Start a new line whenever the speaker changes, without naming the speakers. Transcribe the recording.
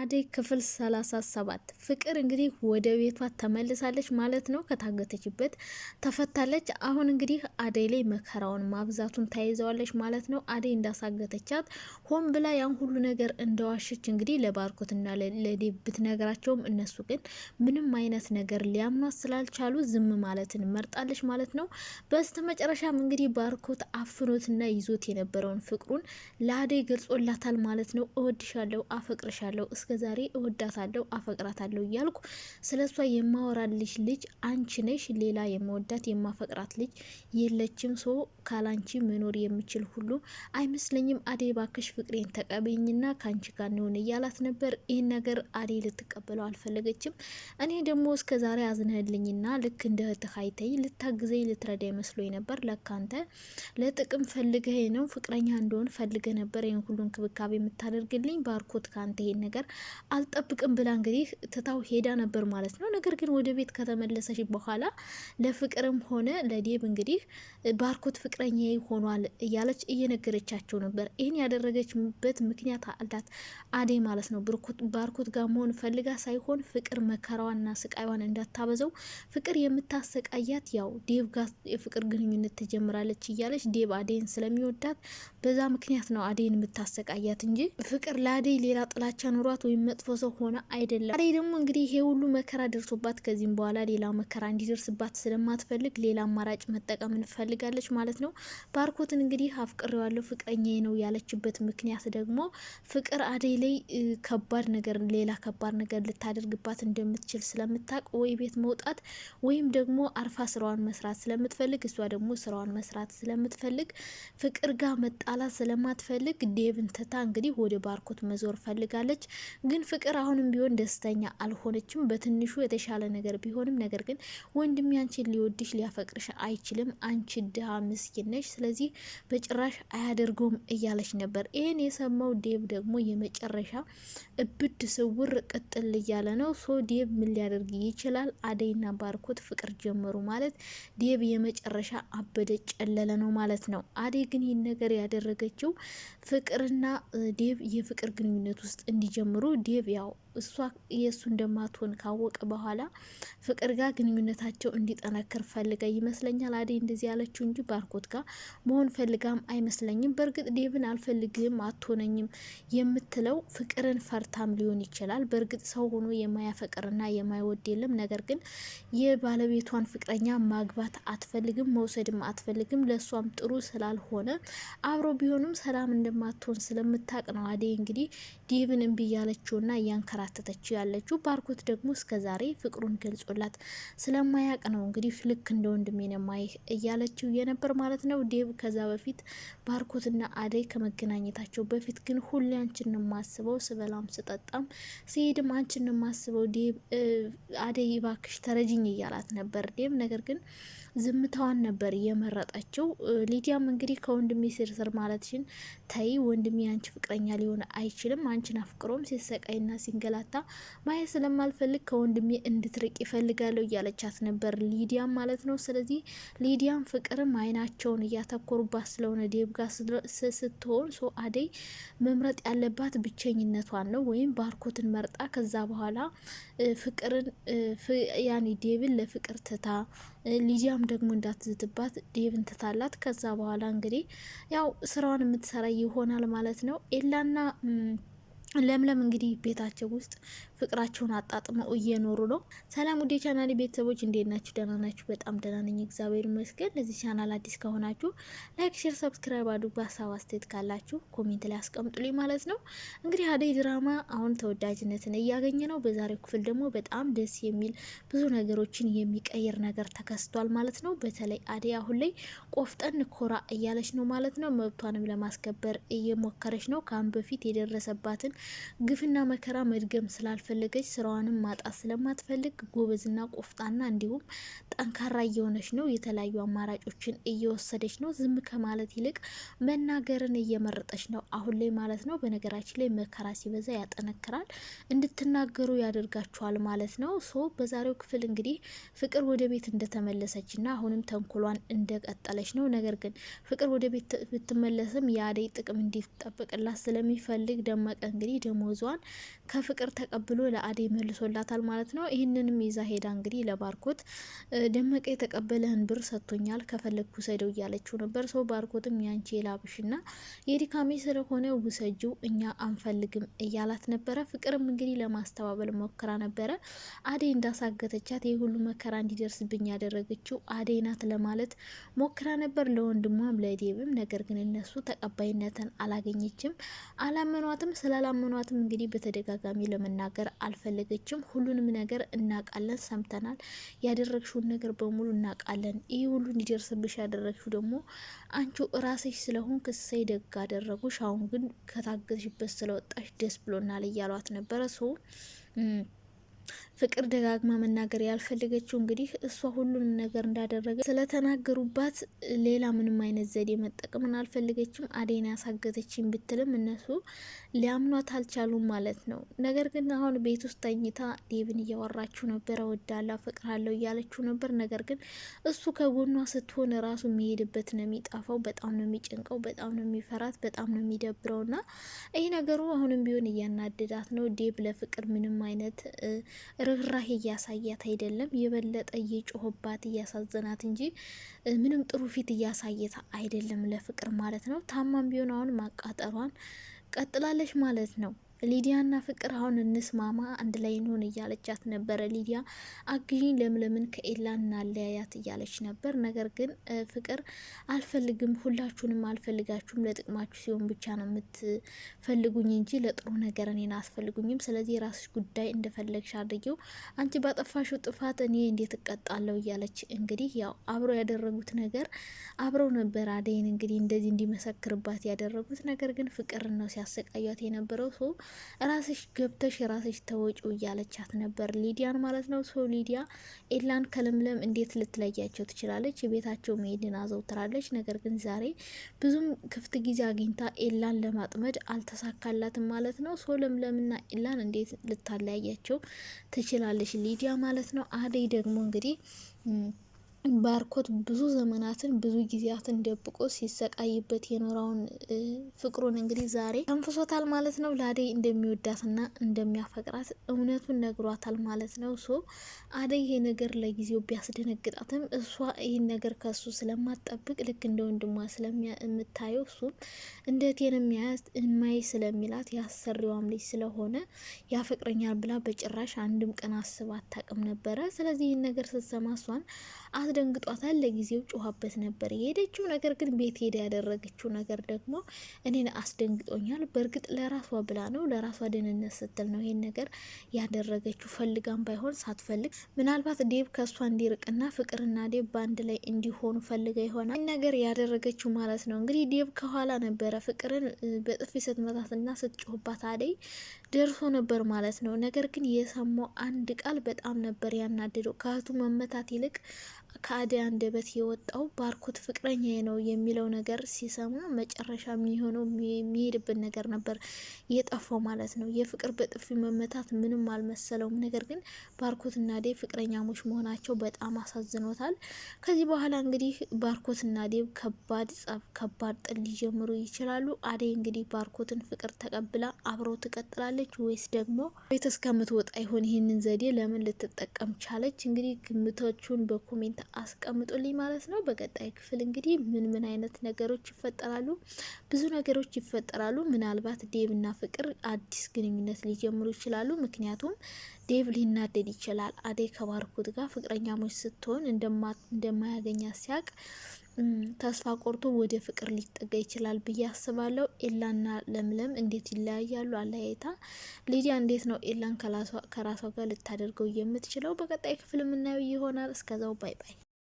አደይ ክፍል ሰላሳ ሰባት ፍቅር እንግዲህ ወደ ቤቷ ተመልሳለች ማለት ነው። ከታገተችበት ተፈታለች። አሁን እንግዲህ አደይ ላይ መከራውን ማብዛቱን ተያይዘዋለች ማለት ነው። አደይ እንዳሳገተቻት ሆን ብላ ያን ሁሉ ነገር እንደዋሸች እንግዲህ ለባርኮትና ለዴብ ብትነግራቸውም እነሱ ግን ምንም አይነት ነገር ሊያምኗት ስላልቻሉ ዝም ማለትን መርጣለች ማለት ነው። በስተ መጨረሻም እንግዲህ ባርኮት አፍኖትና ይዞት የነበረውን ፍቅሩን ለአደይ ገልጾላታል ማለት ነው። እወድሻለሁ፣ አፈቅርሻለሁ እስከ እስከዛሬ እወዳታለሁ፣ አፈቅራታለሁ እያልኩ ስለ እሷ የማወራልሽ ልጅ አንቺ ነሽ። ሌላ የመወዳት የማፈቅራት ልጅ የለችም። ሶ ካላንቺ መኖር የምችል ሁሉ አይመስለኝም። አዴ ባክሽ ፍቅሬን ተቀበኝና ከአንቺ ጋር እንሆን እያላት ነበር። ይህን ነገር አዴ ልትቀበለው አልፈለገችም። እኔ ደግሞ እስከ ዛሬ አዝነህልኝና ልክ እንደ እህትህ አይተኝ ልታግዘኝ ልትረዳ ይመስሎኝ ነበር። ለካንተ ለጥቅም ፈልገህ ነው ፍቅረኛ እንደሆን ፈልገ ነበር ይህን ሁሉ እንክብካቤ የምታደርግልኝ። ባርኮት ካንተ ይሄን ነገር አልጠብቅም ብላ እንግዲህ ትታው ሄዳ ነበር ማለት ነው። ነገር ግን ወደ ቤት ከተመለሰች በኋላ ለፍቅርም ሆነ ለዴብ እንግዲህ ባርኮት ፍቅረኛ ሆኗል እያለች እየነገረቻቸው ነበር። ይህን ያደረገችበት ምክንያት አላት አዴ ማለት ነው። ባርኮት ጋር መሆን ፈልጋ ሳይሆን ፍቅር መከራዋና ስቃይዋን እንዳታበዘው ፍቅር የምታሰቃያት ያው ዴብ ጋር የፍቅር ግንኙነት ትጀምራለች እያለች ዴብ አዴን ስለሚወዳት በዛ ምክንያት ነው አዴን የምታሰቃያት እንጂ ፍቅር ለአዴ ሌላ ጥላቻ ኑሯት ወይም መጥፎ ሰው ሆነ አይደለም። ዛሬ ደግሞ እንግዲህ ይሄ ሁሉ መከራ ደርሶባት ከዚህም በኋላ ሌላ መከራ እንዲደርስባት ስለማትፈልግ ሌላ አማራጭ መጠቀም እንፈልጋለች ማለት ነው። ባርኮትን እንግዲህ አፍቅሬዋለሁ ፍቅረኛዬ ነው ያለችበት ምክንያት ደግሞ ፍቅር አደይ ላይ ከባድ ነገር ሌላ ከባድ ነገር ልታደርግባት እንደምትችል ስለምታውቅ ወይ ቤት መውጣት ወይም ደግሞ አርፋ ስራዋን መስራት ስለምትፈልግ እሷ ደግሞ ስራዋን መስራት ስለምትፈልግ ፍቅር ጋር መጣላት ስለማትፈልግ ዴቭን ትታ እንግዲህ ወደ ባርኮት መዞር ፈልጋለች። ግን ፍቅር አሁንም ቢሆን ደስተኛ አልሆነችም። በትንሹ የተሻለ ነገር ቢሆንም ነገር ግን ወንድሜ አንቺን ሊወድሽ ሊያፈቅርሽ አይችልም፣ አንቺ ድሃ ምስኪን ነሽ፣ ስለዚህ በጭራሽ አያደርገውም እያለች ነበር። ይህን የሰማው ዴብ ደግሞ የመጨረሻ እብድ ስውር ቅጥል እያለ ነው። ሶ ዴብ ምን ሊያደርግ ይችላል? አደይና ባርኮት ፍቅር ጀመሩ ማለት ዴብ የመጨረሻ አበደ ጨለለ ነው ማለት ነው። አደይ ግን ይህን ነገር ያደረገችው ፍቅርና ዴብ የፍቅር ግንኙነት ውስጥ እንዲጀምሩ ዴቭ ያው እሷ የእሱ እንደማትሆን ካወቀ በኋላ ፍቅር ጋር ግንኙነታቸው እንዲጠነክር ፈልጋ ይመስለኛል አደይ እንደዚህ ያለችው እንጂ ባርኮት ጋር መሆን ፈልጋም አይመስለኝም። በእርግጥ ዴቭን አልፈልግም አትሆነኝም የምትለው ፍቅርን ፈርታም ሊሆን ይችላል። በእርግጥ ሰው ሆኖ የማያፈቅርና የማይወድ የለም። ነገር ግን የባለቤቷን ፍቅረኛ ማግባት አትፈልግም፣ መውሰድም አትፈልግም። ለእሷም ጥሩ ስላልሆነ አብሮ ቢሆንም ሰላም እንደማትሆን ስለምታቅ ነው አደይ እንግዲህ ዴቭን እምቢ ያለችውና እያንከራ እየተንከራተተች ያለችው። ባርኮት ደግሞ እስከ ዛሬ ፍቅሩን ገልጾላት ስለማያቅ ነው እንግዲህ ልክ እንደ ወንድሜ ነው የማይህ እያለችው የነበር ማለት ነው። ዴብ ከዛ በፊት ባርኮትና አደይ ከመገናኘታቸው በፊት ግን ሁሌ አንቺን ማስበው፣ ስበላም ስጠጣም ሲሄድም አንቺን ማስበው፣ ዴብ አደይ ባክሽ ተረጅኝ እያላት ነበር ዴብ ነገር ግን ዝምታዋን ነበር የመረጠችው። ሊዲያም እንግዲህ ከወንድሜ ስር ስር ማለትሽን ተይ፣ ወንድሜ አንቺ ፍቅረኛ ሊሆን አይችልም። አንቺን አፍቅሮም ሲሰቃይና ሲንገላታ ማየት ስለማልፈልግ ከወንድሜ እንድትርቅ ይፈልጋለሁ እያለቻት ነበር ሊዲያም ማለት ነው። ስለዚህ ሊዲያም ፍቅርም አይናቸውን እያተኮሩባት ስለሆነ ዴብ ጋር ስትሆን ሶ አደይ መምረጥ ያለባት ብቸኝነቷን ነው ወይም ባርኮትን መርጣ ከዛ በኋላ ፍቅርን ያኔ ዴብን ለፍቅር ትታ ሊዲያም ደግሞ እንዳትዝትባት ዴቭን ትታላት። ከዛ በኋላ እንግዲህ ያው ስራዋን የምትሰራ ይሆናል ማለት ነው ኤላና ለምለም እንግዲህ ቤታቸው ውስጥ ፍቅራቸውን አጣጥመው እየኖሩ ነው። ሰላም ውዴ ቻናል ቤተሰቦች እንዴት ናችሁ? ደህና ናችሁ? በጣም ደህና ነኝ እግዚአብሔር ይመስገን። ለዚህ ቻናል አዲስ ከሆናችሁ ላይክ፣ ሼር፣ ሰብስክራይብ አድርጉ። ሀሳብ አስተያየት ካላችሁ ኮሜንት ላይ አስቀምጡልኝ ማለት ነው። እንግዲህ አደይ ድራማ አሁን ተወዳጅነትን እያገኘ ነው። በዛሬው ክፍል ደግሞ በጣም ደስ የሚል ብዙ ነገሮችን የሚቀይር ነገር ተከስቷል ማለት ነው። በተለይ አደይ አሁን ላይ ቆፍጠን ኮራ እያለች ነው ማለት ነው። መብቷንም ለማስከበር እየሞከረች ነው። ከአሁን በፊት የደረሰባትን ግፍና መከራ መድገም ስላልፈ ስላልፈለገች ስራዋንም ማጣት ስለማትፈልግ ጎበዝና ቆፍጣና እንዲሁም ጠንካራ እየሆነች ነው። የተለያዩ አማራጮችን እየወሰደች ነው። ዝም ከማለት ይልቅ መናገርን እየመረጠች ነው አሁን ላይ ማለት ነው። በነገራችን ላይ መከራ ሲበዛ ያጠነክራል፣ እንድትናገሩ ያደርጋችኋል ማለት ነው። ሶ በዛሬው ክፍል እንግዲህ ፍቅር ወደ ቤት እንደተመለሰችና አሁንም ተንኮሏን እንደቀጠለች ነው። ነገር ግን ፍቅር ወደ ቤት ብትመለስም የአደይ ጥቅም እንዲጠበቅላት ስለሚፈልግ ደመቀ እንግዲህ ደሞዟን ከፍቅር ተቀብሎ ብሎ ለአዴ መልሶላታል ማለት ነው። ይህንንም ይዛ ሄዳ እንግዲህ ለባርኮት ደመቀ የተቀበለህን ብር ሰጥቶኛል ከፈለግ ውሰደው እያለችው ነበር። ሰው ባርኮትም ያንቺ የላብሽና የድካሜ ስለሆነ ውሰጂው እኛ አንፈልግም እያላት ነበረ። ፍቅርም እንግዲህ ለማስተባበል ሞክራ ነበረ። አዴ እንዳሳገተቻት ይህ ሁሉ መከራ እንዲደርስብኝ ያደረገችው አዴ ናት ለማለት ሞክራ ነበር ለወንድሟም ለዴብም። ነገር ግን እነሱ ተቀባይነትን አላገኘችም፣ አላመኗትም። ስላላመኗትም እንግዲህ በተደጋጋሚ ለመናገር ነገር አልፈለገችም። ሁሉንም ነገር እናቃለን፣ ሰምተናል። ያደረግሽውን ነገር በሙሉ እናቃለን። ይህ ሁሉ እንዲደርስብሽ ያደረግሽው ደግሞ አንቺ ራስሽ ስለሆን እሰይ ደግ አደረጉሽ። አሁን ግን ከታገዝሽበት ስለወጣሽ ደስ ብሎናል እያሏት ነበረ ሶ ፍቅር ደጋግማ መናገር ያልፈለገችው እንግዲህ እሷ ሁሉንም ነገር እንዳደረገ ስለተናገሩባት ሌላ ምንም አይነት ዘዴ መጠቀምን አልፈለገችም። አዴን ያሳገተችኝ ብትልም እነሱ ሊያምኗት አልቻሉም ማለት ነው። ነገር ግን አሁን ቤት ውስጥ ተኝታ ዴብን እያወራችው ነበረ። ወዳላ አለው እያለችው ነበር። ነገር ግን እሱ ከጎኗ ስትሆን ራሱ የሚሄድበት ነው የሚጣፋው። በጣም ነው የሚጨንቀው፣ በጣም ነው የሚፈራት፣ በጣም ነው የሚደብረው ና ይህ ነገሩ አሁንም ቢሆን እያናደዳት ነው። ዴብ ለፍቅር ምንም አይነት ርኅራሄ እያሳያት አይደለም። የበለጠ እየጮኸባት እያሳዘናት እንጂ ምንም ጥሩ ፊት እያሳየት አይደለም፣ ለፍቅር ማለት ነው። ታማም ቢሆን አሁን ማቃጠሯን ቀጥላለች ማለት ነው። ሊዲያና ፍቅር አሁን እንስማማ አንድ ላይ እንሆን እያለቻት ነበረ። ሊዲያ አግዥኝ ለምለምን ከኤላ እናለያያት እያለች ነበር። ነገር ግን ፍቅር አልፈልግም፣ ሁላችሁንም አልፈልጋችሁም፣ ለጥቅማችሁ ሲሆን ብቻ ነው የምትፈልጉኝ እንጂ ለጥሩ ነገር እኔን አስፈልጉኝም። ስለዚህ የራስሽ ጉዳይ እንደፈለግሽ አድርጊው፣ አንቺ ባጠፋሽው ጥፋት እኔ እንዴት እቀጣለሁ? እያለች እንግዲህ ያው አብረው ያደረጉት ነገር አብረው ነበር አደይን እንግዲህ እንደዚህ እንዲመሰክርባት ያደረጉት ነገር ግን ፍቅርን ነው ሲያሰቃያት የነበረው ሰው ራስሽ ገብተሽ ራስሽ ተወጪው እያለቻት ነበር ሊዲያን ማለት ነው። ሰው ሊዲያ ኤላን ከለምለም እንዴት ልትለያቸው ትችላለች? የቤታቸው መሄድን አዘውትራለች። ነገር ግን ዛሬ ብዙም ክፍት ጊዜ አግኝታ ኤላን ለማጥመድ አልተሳካላትም ማለት ነው። ሰው ለምለምና ኤላን እንዴት ልታለያያቸው ትችላለች ሊዲያ ማለት ነው። አደይ ደግሞ እንግዲህ ባርኮት ብዙ ዘመናትን ብዙ ጊዜያትን ደብቆ ሲሰቃይበት የኖረውን ፍቅሩን እንግዲህ ዛሬ ተንፍሶታል ማለት ነው። ለአደይ እንደሚወዳትና እንደሚያፈቅራት እውነቱን ነግሯታል ማለት ነው። ሶ አደይ ይሄ ነገር ለጊዜው ቢያስደነግጣትም እሷ ይህን ነገር ከሱ ስለማትጠብቅ ልክ እንደ ወንድሟ ስለምታየው እሱ እንደቴን የሚያያዝ እማይ ስለሚላት ያሰሪዋም ልጅ ስለሆነ ያፈቅረኛል ብላ በጭራሽ አንድም ቀን አስባ አታቅም ነበረ። ስለዚህ ይህን ነገር ስትሰማ እሷን አስደንግጧታል። ለጊዜው ጮኋበት ነበር የሄደችው። ነገር ግን ቤት ሄደ ያደረገችው ነገር ደግሞ እኔን አስደንግጦኛል። በእርግጥ ለራሷ ብላ ነው፣ ለራሷ ደህንነት ስትል ነው ይሄን ነገር ያደረገችው። ፈልጋም ባይሆን ሳትፈልግ ምናልባት ዴብ ከእሷ እንዲርቅና ፍቅርና ዴብ በአንድ ላይ እንዲሆኑ ፈልጋ ይሆናል ነገር ያደረገችው ማለት ነው። እንግዲህ ዴብ ከኋላ ነበረ ፍቅርን በጥፊ ስትመታትና ስትጮህባት አደይ ደርሶ ነበር ማለት ነው። ነገር ግን የሰማው አንድ ቃል በጣም ነበር ያናደደው። ከእህቱ መመታት ይልቅ ከአደይ አንደበት የወጣው ባርኮት ፍቅረኛ ነው የሚለው ነገር ሲሰማ መጨረሻ የሚሆነው የሚሄድበት ነገር ነበር የጠፋው ማለት ነው። የፍቅር በጥፊ መመታት ምንም አልመሰለውም። ነገር ግን ባርኮትና አደይ ፍቅረኛሞች መሆናቸው በጣም አሳዝኖታል። ከዚህ በኋላ እንግዲህ ባርኮትና አደይ ከባድ ጸብ፣ ከባድ ጥል ሊጀምሩ ይችላሉ። አደይ እንግዲህ ባርኮትን ፍቅር ተቀብላ አብረው ትቀጥላል። ትችላለች ወይስ ደግሞ ቤት እስከምትወጣ ይሆን? ይህንን ዘዴ ለምን ልትጠቀም ቻለች? እንግዲህ ግምቶቹን በኮሜንት አስቀምጡልኝ ማለት ነው። በቀጣይ ክፍል እንግዲህ ምን ምን አይነት ነገሮች ይፈጠራሉ? ብዙ ነገሮች ይፈጠራሉ። ምናልባት ዴብ እና ፍቅር አዲስ ግንኙነት ሊጀምሩ ይችላሉ። ምክንያቱም ዴቭ ሊናደድ ይችላል። አዴ ከባርኮት ጋር ፍቅረኛሞች ስትሆን እንደማያገኛት ሲያቅ ተስፋ ቆርቶ ወደ ፍቅር ሊጠጋ ይችላል ብዬ አስባለሁ። ኤላና ለምለም እንዴት ይለያያሉ? አለያይታ ሊዲያ እንዴት ነው ኤላን ከራሷ ጋር ልታደርገው የምትችለው? በቀጣይ ክፍል የምናየው ይሆናል። እስከዛው ባይ ባይ።